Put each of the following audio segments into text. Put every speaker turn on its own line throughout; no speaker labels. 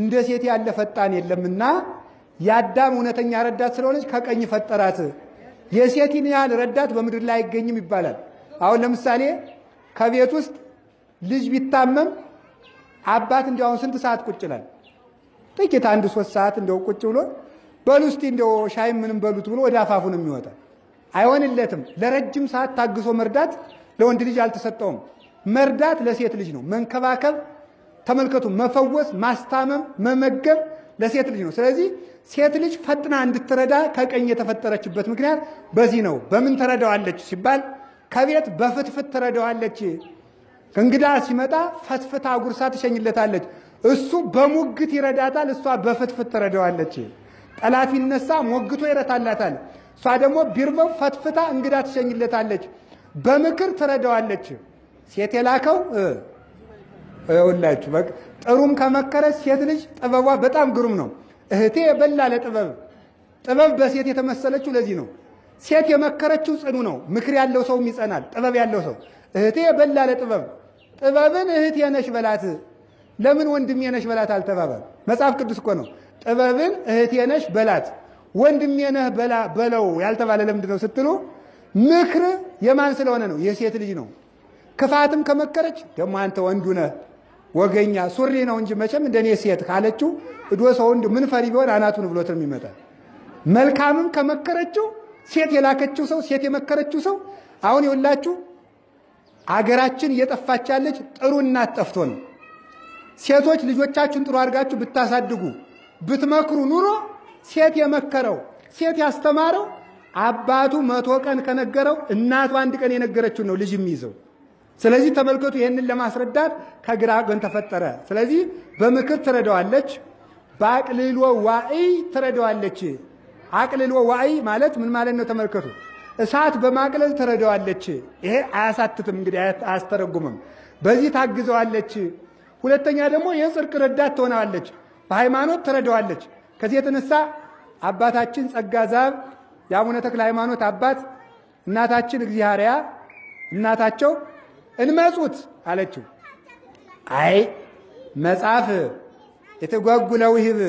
እንደ ሴት ያለ ፈጣን የለምና የአዳም እውነተኛ ረዳት ስለሆነች ከቀኝ ፈጠራት። የሴትን ያህል ረዳት በምድር ላይ አይገኝም ይባላል። አሁን ለምሳሌ ከቤት ውስጥ ልጅ ቢታመም አባት እንዲያው ስንት ሰዓት ቁጭ ይላል? ጥቂት አንድ ሶስት ሰዓት እንደው ቁጭ ብሎ በሉ እስቲ እንደው ሻይ ምንም በሉት ብሎ ወደ አፋፉ ነው የሚወጣ። አይሆንለትም። ለረጅም ሰዓት ታግሶ መርዳት ለወንድ ልጅ አልተሰጠውም። መርዳት ለሴት ልጅ ነው። መንከባከብ ተመልከቱ፣ መፈወስ፣ ማስታመም፣ መመገብ ለሴት ልጅ ነው። ስለዚህ ሴት ልጅ ፈጥና እንድትረዳ ከቀኝ የተፈጠረችበት ምክንያት በዚህ ነው። በምን ትረዳዋለች ሲባል ከቤት በፍትፍት ትረዳዋለች። እንግዳ ሲመጣ ፈትፍታ ጉርሳ ትሸኝለታለች። እሱ በሙግት ይረዳታል፣ እሷ በፍትፍት ትረዳዋለች። ጠላት ይነሳ ሞግቶ ይረታላታል። እሷ ደግሞ ቢርበው ፈትፍታ እንግዳ ትሸኝለታለች። በምክር ትረዳዋለች። ሴት የላከው ይኸውላችሁ በቃ ጥሩም ከመከረች ሴት ልጅ ጥበቧ በጣም ግሩም ነው። እህቴ በላ ለጥበብ ጥበብ በሴት የተመሰለችው ለዚህ ነው። ሴት የመከረችው ጽኑ ነው። ምክር ያለው ሰውም ይጸናል። ጥበብ ያለው ሰው እህቴ በላ ለጥበብ ጥበብን እህቴ ነሽ በላት። ለምን ወንድሜ ነሽ በላት አልተባባል? መጽሐፍ ቅዱስ እኮ ነው። ጥበብን እህቴ ነሽ በላት፣ ወንድሜ ነህ በለው ያልተባለ ለምንድን ነው ስትሉ፣ ምክር የማን ስለሆነ ነው? የሴት ልጅ ነው። ክፋትም ከመከረች ደግሞ አንተ ወንዱ ነህ ወገኛ ሱሪ ነው እንጂ መቼም እንደኔ ሴት ካለችው እዶ ሰው ምን ፈሪ ቢሆን አናቱን ብሎት ነው የሚመጣ። መልካምም ከመከረችው ሴት የላከችው ሰው ሴት የመከረችው ሰው አሁን ይውላችሁ አገራችን እየጠፋች ያለች ጥሩ እናት ጠፍቶ ነው። ሴቶች ልጆቻችሁን ጥሩ አድርጋችሁ ብታሳድጉ ብትመክሩ ኑሮ ሴት የመከረው ሴት ያስተማረው አባቱ መቶ ቀን ከነገረው እናቱ አንድ ቀን የነገረችው ነው ልጅ የሚይዘው። ስለዚህ ተመልከቱ፣ ይህንን ለማስረዳት ከግራ ጎን ተፈጠረ። ስለዚህ በምክር ትረዳዋለች፣ በአቅልሎ ዋዕይ ትረዳዋለች። አቅልሎ ዋዕይ ማለት ምን ማለት ነው? ተመልከቱ፣ እሳት በማቅለል ትረዳዋለች። ይሄ አያሳትትም እንግዲህ አያስተረጉምም። በዚህ ታግዘዋለች። ሁለተኛ ደግሞ የጽድቅ ረዳት ትሆናለች፣ በሃይማኖት ትረዳዋለች። ከዚህ የተነሳ አባታችን ጸጋ ዛብ የአቡነ ተክለ ሃይማኖት አባት እናታችን እግዚአብሔር እናታቸው እንመጹት አለችው።
አይ መጽሐፍ የተጓጉለ ውህብ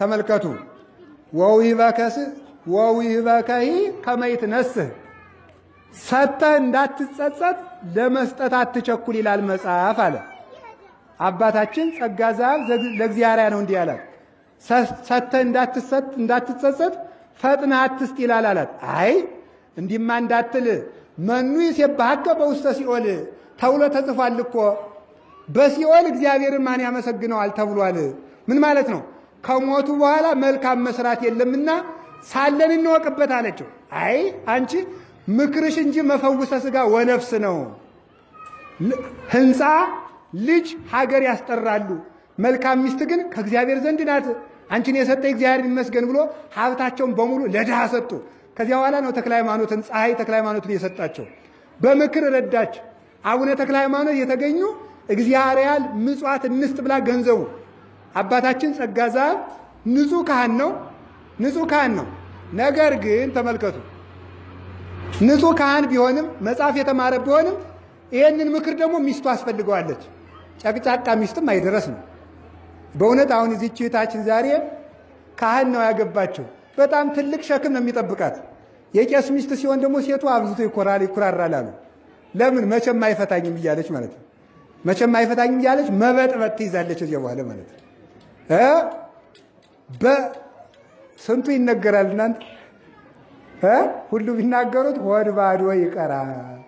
ተመልከቱ። ወውሂበ ከስ ወውሂበ ከሂ ከመይት ነስህ ሰጥተህ እንዳትጸጸት ለመስጠት አትቸኩል ይላል መጽሐፍ አለ። አባታችን ጸጋ ዘአብ ለእግዚአርያ ነው እንዲህ አላት። ሰጥተህ እንዳትጸጸት ፈጥነህ አትስጥ ይላል አላት። አይ እንዲህማ እንዳትል መኑ ይሴብሐከ በውስተ ሲኦል ተብሎ ተጽፏል እኮ በሲኦል እግዚአብሔር ማን ያመሰግነዋል ተብሏል። ምን ማለት ነው? ከሞቱ በኋላ መልካም መስራት የለምና ሳለን እንወቅበት አለችው። አይ አንቺ ምክርሽ እንጂ መፈውሰ ስጋ ወነፍስ ነው። ህንፃ ልጅ፣ ሀገር ያስጠራሉ። መልካም ሚስት ግን ከእግዚአብሔር ዘንድ ናት። አንቺን የሰጠ እግዚአብሔር ይመስገን ብሎ ሀብታቸውን በሙሉ ለድሃ ሰጡ። ከዚያ በኋላ ነው ተክለ ሃይማኖትን ፀሐይ ተክለ ሃይማኖትን የሰጣቸው። በምክር ረዳች። አቡነ ተክለ ሃይማኖት የተገኙ እግዚአብሔር ምጽዋት እንስጥ ብላ ገንዘቡ አባታችን ጸጋ ዘአብ ንጹህ ካህን ነው። ንጹህ ካህን ነው። ነገር ግን ተመልከቱ፣ ንጹህ ካህን ቢሆንም መጽሐፍ የተማረ ቢሆንም ይህንን ምክር ደግሞ ሚስቱ አስፈልገዋለች። ጨቅጫቃ ሚስትም አይደረስ ነው። በእውነት አሁን እዚህ እህታችን ዛሬ ካህን ነው ያገባቸው። በጣም ትልቅ ሸክም ነው የሚጠብቃት። የቄስ ሚስት ሲሆን ደግሞ ሴቱ አብዝቶ ይኮራል ይኩራራል አሉ። ለምን መቼም አይፈታኝም እያለች ማለት ነው። መቼም አይፈታኝም እያለች መበጥበጥ ትይዛለች እዚያ በኋላ ማለት ነው። በስንቱ ይነገራል እናንተ ሁሉ ቢናገሩት ሆድ ባዶ ይቀራል።